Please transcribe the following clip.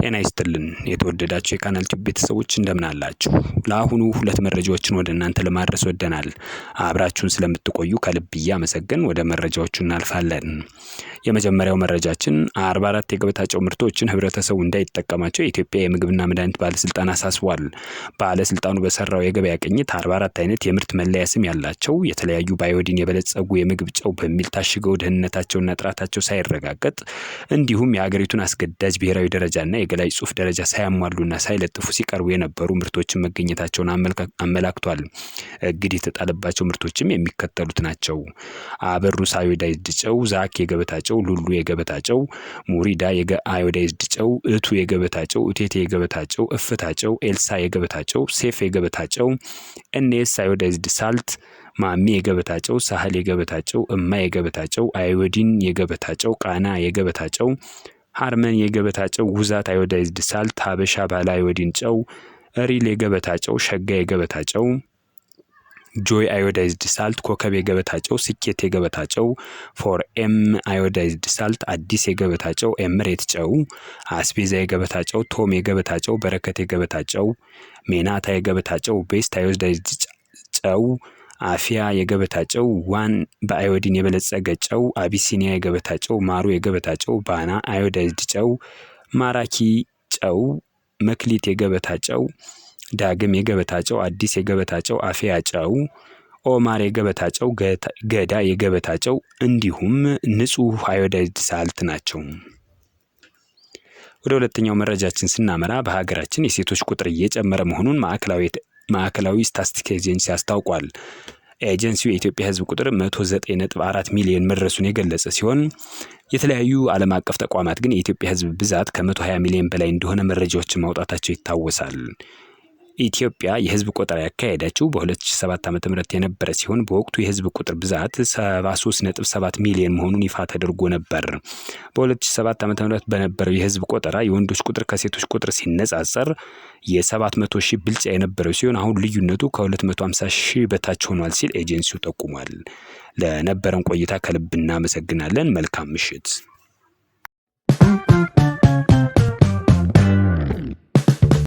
ጤና ይስጥልን የተወደዳችሁ የካናል ቲዩብ ቤተሰቦች እንደምን አላችሁ? ለአሁኑ ሁለት መረጃዎችን ወደ እናንተ ለማድረስ ወደናል። አብራችሁን ስለምትቆዩ ከልብ እያመሰገን ወደ መረጃዎቹ እናልፋለን። የመጀመሪያው መረጃችን 44 የገበታ ጨው ምርቶችን ህብረተሰቡ እንዳይጠቀማቸው የኢትዮጵያ የምግብና መድኃኒት ባለስልጣን አሳስቧል። ባለስልጣኑ በሰራው የገበያ ቅኝት 44 አይነት የምርት መለያ ስም ያላቸው የተለያዩ ባዮዲን የበለጸጉ የምግብ ጨው በሚል ታሽገው ደህንነታቸውና ጥራታቸው ሳይረጋገጥ እንዲሁም የሀገሪቱን አስገዳጅ ብሔራዊ ደረጃና የገላጭ ጽሁፍ ደረጃ ሳያሟሉና ሳይለጥፉ ሲቀርቡ የነበሩ ምርቶችን መገኘታቸውን አመላክቷል። እግድ የተጣለባቸው ምርቶችም የሚከተሉት ናቸው። አበሩስ አዮዳይድ ጨው፣ ዛክ የገበታ ጨው፣ ሉሉ የገበታ ጨው፣ ሙሪዳ አዮዳይዝድ ጨው፣ እቱ የገበታ ጨው፣ እቴቴ የገበታ ጨው፣ እፍታ ጨው፣ ኤልሳ የገበታ ጨው፣ ሴፍ የገበታ ጨው፣ ኤንኤስ አዮዳይዝድ ሳልት ማሜ የገበታ ጨው፣ ሳህል የገበታ ጨው፣ እማ የገበታ ጨው፣ አዮዲን የገበታ ጨው፣ ቃና የገበታ ጨው፣ ሃርመን የገበታ ጨው፣ ውዛት አዮዳይዝድ ሳልት፣ ሀበሻ ባለ አዮዲን ጨው፣ ሪል የገበታ ጨው፣ ሸጋ የገበታ ጨው ጆይ አዮዳይዝድ ሳልት፣ ኮከብ የገበታ ጨው፣ ስኬት የገበታ ጨው፣ ፎር ኤም አዮዳይዝድ ሳልት፣ አዲስ የገበታ ጨው፣ ኤምሬት ጨው፣ አስቤዛ የገበታ ጨው፣ ቶም የገበታ ጨው፣ በረከት የገበታ ጨው፣ ሜናታ የገበታ ጨው፣ ቤስት አዮዳይዝድ ጨው አፊያ የገበታ ጨው ዋን በአዮዲን የበለጸገ ጨው አቢሲኒያ የገበታ ጨው ማሩ የገበታ ጨው ባና አዮዳይዝድ ጨው ማራኪ ጨው መክሊት የገበታ ጨው ዳግም የገበታ ጨው፣ አዲስ የገበታ ጨው፣ አፍያ ጨው፣ ኦማር የገበታ ጨው፣ ገዳ የገበታ ጨው እንዲሁም ንጹህ አዮዳይድ ሳልት ናቸው። ወደ ሁለተኛው መረጃችን ስናመራ በሀገራችን የሴቶች ቁጥር እየጨመረ መሆኑን ማዕከላዊ ስታስቲክ ኤጀንሲ አስታውቋል። ኤጀንሲው የኢትዮጵያ ሕዝብ ቁጥር 109.4 ሚሊዮን መድረሱን የገለጸ ሲሆን የተለያዩ ዓለም አቀፍ ተቋማት ግን የኢትዮጵያ ሕዝብ ብዛት ከ120 ሚሊዮን በላይ እንደሆነ መረጃዎችን ማውጣታቸው ይታወሳል። ኢትዮጵያ የህዝብ ቆጠራ ያካሄደችው በ2007 ዓ ም የነበረ ሲሆን በወቅቱ የህዝብ ቁጥር ብዛት 73.7 ሚሊዮን መሆኑን ይፋ ተደርጎ ነበር። በ2007 ዓ ም በነበረው የህዝብ ቆጠራ የወንዶች ቁጥር ከሴቶች ቁጥር ሲነጻጸር የ700 ሺህ ብልጫ የነበረው ሲሆን አሁን ልዩነቱ ከ250 ሺህ በታች ሆኗል ሲል ኤጀንሲው ጠቁሟል። ለነበረን ቆይታ ከልብ እናመሰግናለን። መልካም ምሽት።